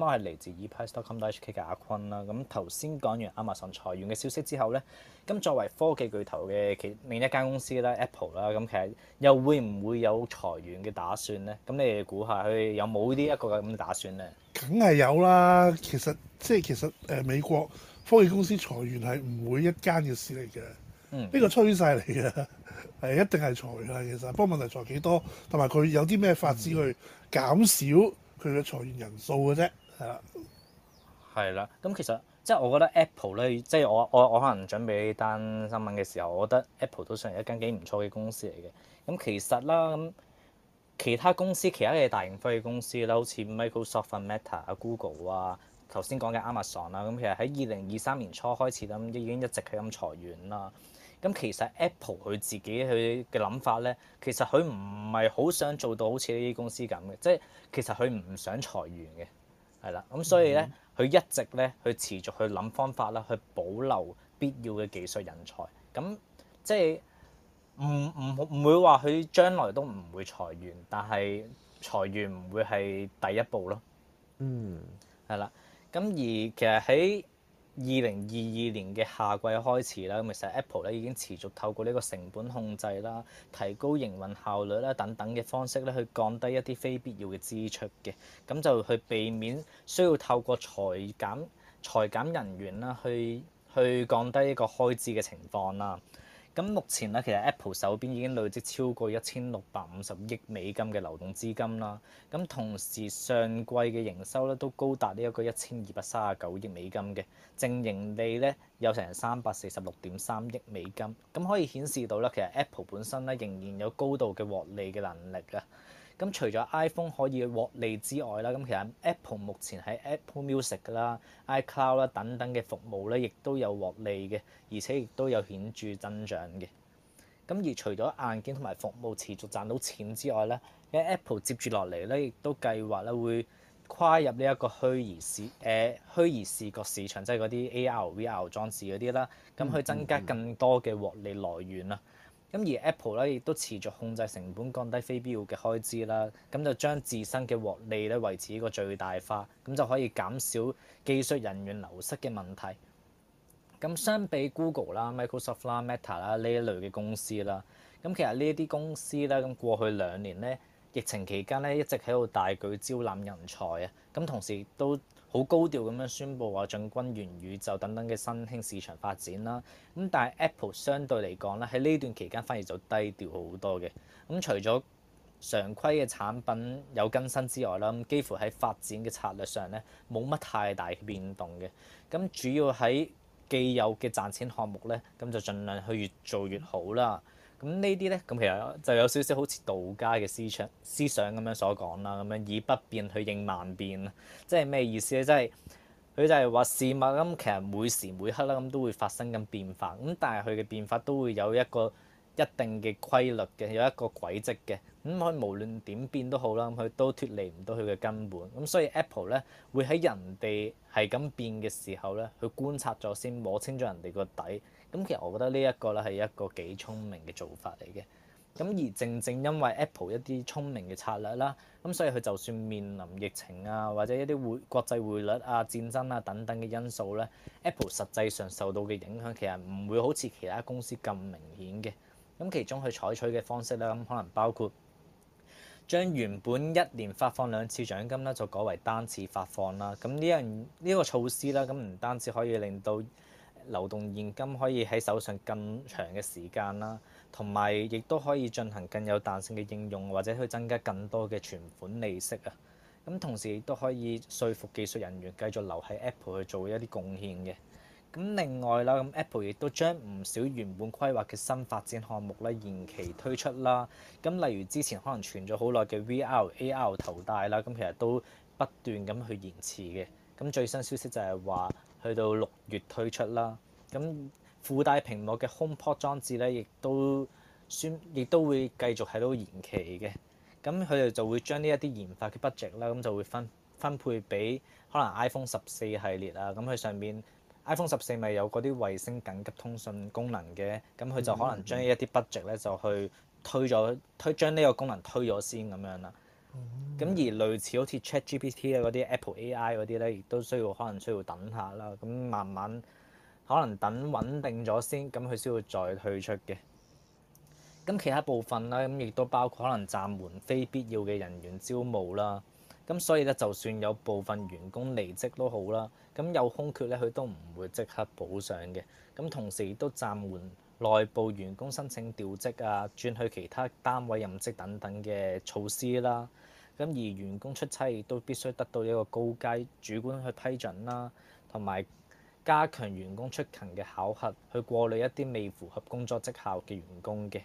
我係嚟自 Epic.com.hk 嘅阿坤啦。咁頭先講完亞馬遜裁員嘅消息之後咧，咁作為科技巨頭嘅其另一間公司啦，Apple 啦，咁其實又會唔會有裁員嘅打算咧？咁你哋估下佢有冇呢一個咁嘅打算咧？梗係有啦。其實即係其實誒，美國科技公司裁員係唔會一間嘅事嚟嘅，呢、嗯、個趨勢嚟嘅。係一定係裁員㗎，其實，不過問題裁幾多，同埋佢有啲咩法子去減少佢嘅裁員人數嘅啫，係啦，係啦。咁其實即係我覺得 Apple 咧，即係我我我可能準備呢單新聞嘅時候，我覺得 Apple 都算係一間幾唔錯嘅公司嚟嘅。咁、嗯、其實啦，咁其他公司其他嘅大型科技公司啦，好似 Microsoft、Meta、阿 Google 啊，頭先講嘅 Amazon 啦、啊，咁其實喺二零二三年初開始啦，咁已經一直喺咁裁員啦。咁其實 Apple 佢自己佢嘅諗法咧，其實佢唔係好想做到好似呢啲公司咁嘅，即係其實佢唔想裁員嘅，係啦。咁所以咧，佢、嗯、一直咧去持續去諗方法啦，去保留必要嘅技術人才。咁、嗯、即係唔唔唔會話佢將來都唔會裁員，但係裁員唔會係第一步咯。嗯，係啦。咁而其實喺二零二二年嘅夏季開始啦，咁其實 Apple 咧已經持續透過呢個成本控制啦、提高營運效率啦等等嘅方式咧，去降低一啲非必要嘅支出嘅，咁就去避免需要透過裁減裁減人員啦，去去降低一個開支嘅情況啦。咁目前咧，其實 Apple 手邊已經累積超過一千六百五十億美金嘅流動資金啦。咁同時上季嘅營收咧都高達呢一個一千二百三十九億美金嘅，淨盈利咧有成三百四十六點三億美金。咁可以顯示到咧，其實 Apple 本身咧仍然有高度嘅獲利嘅能力啊。咁除咗 iPhone 可以獲利之外啦，咁其實 Apple 目前喺 Apple Music 啦、iCloud 啦等等嘅服務咧，亦都有獲利嘅，而且亦都有顯著增長嘅。咁而除咗硬件同埋服務持續賺到錢之外咧，Apple 接住落嚟咧，亦都計劃咧會跨入呢一個虛擬視誒、呃、虛擬視覺市場，即係嗰啲 AR、VR 裝置嗰啲啦，咁去增加更多嘅獲利來源啦。咁而 Apple 咧亦都持續控制成本，降低非必要嘅開支啦，咁就將自身嘅獲利咧維持一個最大化，咁就可以減少技術人員流失嘅問題。咁相比 Google 啦、Microsoft 啦、Meta 啦呢一類嘅公司啦，咁其實呢啲公司咧，咁過去兩年咧，疫情期間咧一直喺度大舉招攬人才啊，咁同時都，好高調咁樣宣佈話進軍元宇宙等等嘅新興市場發展啦，咁但係 Apple 相對嚟講咧喺呢段期間反而就低調好多嘅，咁除咗常規嘅產品有更新之外啦，咁幾乎喺發展嘅策略上咧冇乜太大變動嘅，咁主要喺既有嘅賺錢項目咧，咁就盡量去越做越好啦。咁呢啲呢，咁其實就有少少好似道家嘅思想思想咁樣所講啦，咁樣以不變去應萬變，即係咩意思呢？即係佢就係話事物咁，其實每時每刻啦，咁都會發生咁變化，咁但係佢嘅變化都會有一個一定嘅規律嘅，有一個軌跡嘅，咁佢無論點變都好啦，佢都脱離唔到佢嘅根本。咁所以 Apple 呢，會喺人哋係咁變嘅時候呢，去觀察咗先摸清咗人哋個底。咁其實我覺得呢一個咧，係一個幾聰明嘅做法嚟嘅。咁而正正因為 Apple 一啲聰明嘅策略啦，咁所以佢就算面臨疫情啊，或者一啲會國際匯率啊、戰爭啊等等嘅因素咧，Apple 實際上受到嘅影響，其實唔會好似其他公司咁明顯嘅。咁其中佢採取嘅方式咧，咁可能包括將原本一年發放兩次獎金咧，就改為單次發放啦。咁呢樣呢個措施啦，咁唔單止可以令到流動現金可以喺手上更長嘅時間啦，同埋亦都可以進行更有彈性嘅應用，或者去增加更多嘅存款利息啊。咁同時亦都可以説服技術人員繼續留喺 Apple 去做一啲貢獻嘅。咁另外啦，咁 Apple 亦都將唔少原本規劃嘅新發展項目咧延期推出啦。咁例如之前可能傳咗好耐嘅 VR、AR 頭戴啦，咁其實都不斷咁去延遲嘅。咁最新消息就係話，去到六月推出啦。咁附帶屏幕嘅 HomePod 裝置咧，亦都宣，亦都會繼續喺度延期嘅。咁佢哋就會將呢一啲研發嘅 budget 啦，咁就會分分配俾可能 iPhone 十四系列啊。咁佢上面 iPhone 十四咪有嗰啲衛星緊急通訊功能嘅，咁佢就可能將呢一啲 budget 咧就去推咗，推將呢個功能推咗先咁樣啦。咁而類似好似 ChatGPT 啊嗰啲 Apple AI 嗰啲咧，亦都需要可能需要等下啦，咁慢慢可能等穩定咗先，咁佢先會再退出嘅。咁其他部分咧，咁亦都包括可能暫緩非必要嘅人員招募啦。咁所以咧，就算有部分員工離職都好啦，咁有空缺咧，佢都唔會即刻補上嘅。咁同時亦都暫緩。內部員工申請調職啊，轉去其他單位任職等等嘅措施啦。咁而員工出差亦都必須得到一個高階主管去批准啦，啊，同埋加強員工出勤嘅考核，去過濾一啲未符合工作績效嘅員工嘅。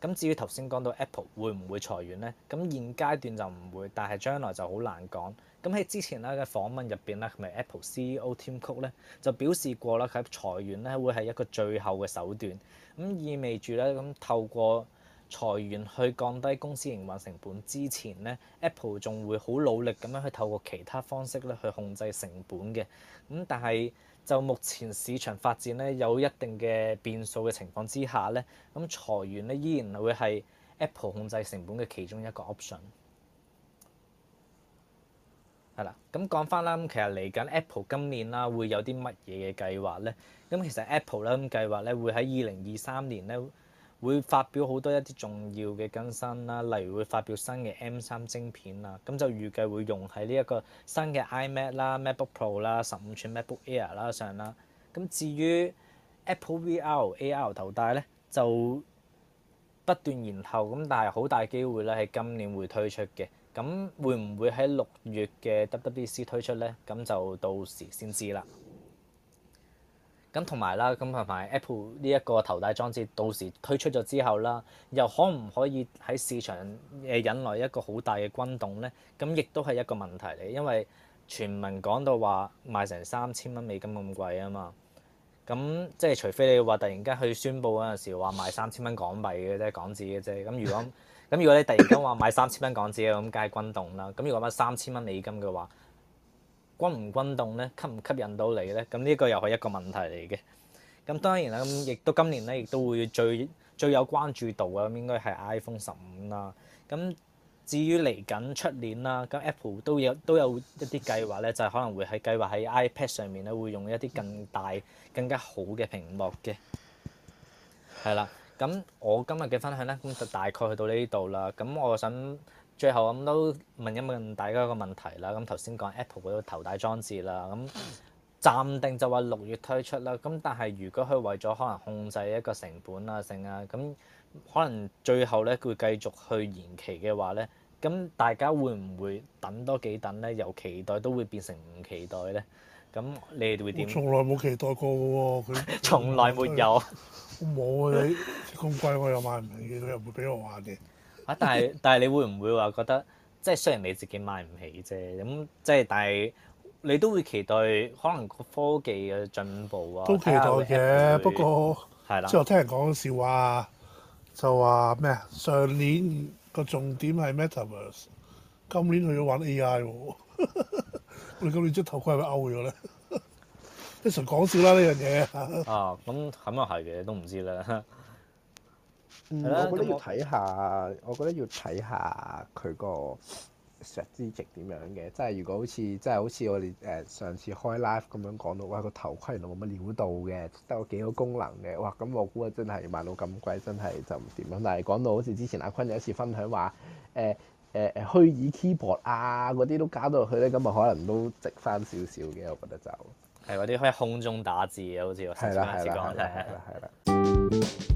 咁至於頭先講到 Apple 會唔會裁員呢？咁現階段就唔會，但係將來就好難講。咁喺之前咧嘅訪問入邊咧，係咪 Apple CEO Tim Cook 咧就表示過啦，佢喺裁員咧會係一個最後嘅手段。咁意味住咧，咁透過裁員去降低公司營運成本之前咧，Apple 仲會好努力咁樣去透過其他方式咧去控制成本嘅。咁但係就目前市場發展咧有一定嘅變數嘅情況之下咧，咁裁員咧依然會係 Apple 控制成本嘅其中一個 option。係啦，咁講返啦，咁其實嚟緊 Apple 今年啦會有啲乜嘢嘅計劃咧？咁其實 Apple 咧咁計劃咧會喺二零二三年咧，會發表好多一啲重要嘅更新啦，例如會發表新嘅 M 三晶片啦，咁就預計會用喺呢一個新嘅 iMac 啦、MacBook Pro 啦、十五吋 MacBook Air 啦上啦。咁至於 Apple VR AR 頭戴咧，就不斷延後咁，但係好大機會咧喺今年會推出嘅。咁會唔會喺六月嘅 WWDC 推出咧？咁就到時先知啦。咁同埋啦，咁同埋 Apple 呢一個頭戴裝置到時推出咗之後啦，又可唔可以喺市場誒引來一個好大嘅轟動呢？咁亦都係一個問題嚟，因為傳聞講到話賣成三千蚊美金咁貴啊嘛，咁即係除非你話突然間去宣佈嗰陣時話賣三千蚊港幣嘅啫，港紙嘅啫。咁如果咁如果你突然間話賣三千蚊港紙嘅，咁梗係轟動啦。咁如果賣三千蚊美金嘅話，均唔轟動咧，吸唔吸引到你咧？咁、這、呢個又係一個問題嚟嘅。咁當然啦，咁亦都今年咧，亦都會最最有關注度呀咁，應該係 iPhone 十五啦。咁至於嚟緊出年啦，咁 Apple 都有都有一啲計劃咧，就係、可能會喺計劃喺 iPad 上面咧，會用一啲更大、更加好嘅屏幕嘅。係啦，咁我今日嘅分享咧，咁就大概去到呢度啦。咁我想。最後咁都問一問大家一個問題啦，咁頭先講 Apple 嗰個頭戴裝置啦，咁暫定就話六月推出啦。咁但係如果佢為咗可能控制一個成本啊勝啊，咁可能最後咧佢會繼續去延期嘅話咧，咁大家會唔會等多幾等咧？由期待都會變成唔期待咧？咁你哋會點？從來冇期待過嘅喎，佢從來沒有，冇啊！ 你咁貴我又買唔起嘅，佢又唔會俾我玩嘅。啊！但係但係，你會唔會話覺得即係雖然你自己買唔起啫，咁即係但係你都會期待可能個科技嘅進步啊？都期待嘅，看看會會不過即係的我聽人講笑話，就話咩？上年個重點係 Metaverse，今年佢要玩 AI 喎。你 今年隻頭盔係咪勾咗咧？即 純講笑啦，呢樣嘢啊！咁咁又係嘅，都唔知咧。嗯，嗯嗯我覺得要睇下，嗯、我，我覺得要睇下佢個實質值點樣嘅。即係如果好似，即係好似我哋誒上次開 live 咁樣講到，哇個頭盔都冇乜料到嘅，得個幾個功能嘅，哇咁我估啊真係賣到咁貴，真係就唔掂啦。但係講到好似之前阿坤有一次分享話，誒誒誒虛擬 keyboard 啊嗰啲都搞到佢去咧，咁啊可能都值翻少少嘅，我覺得就係嗰啲可以空中打字嘅，好似我上次講。係啦係啦。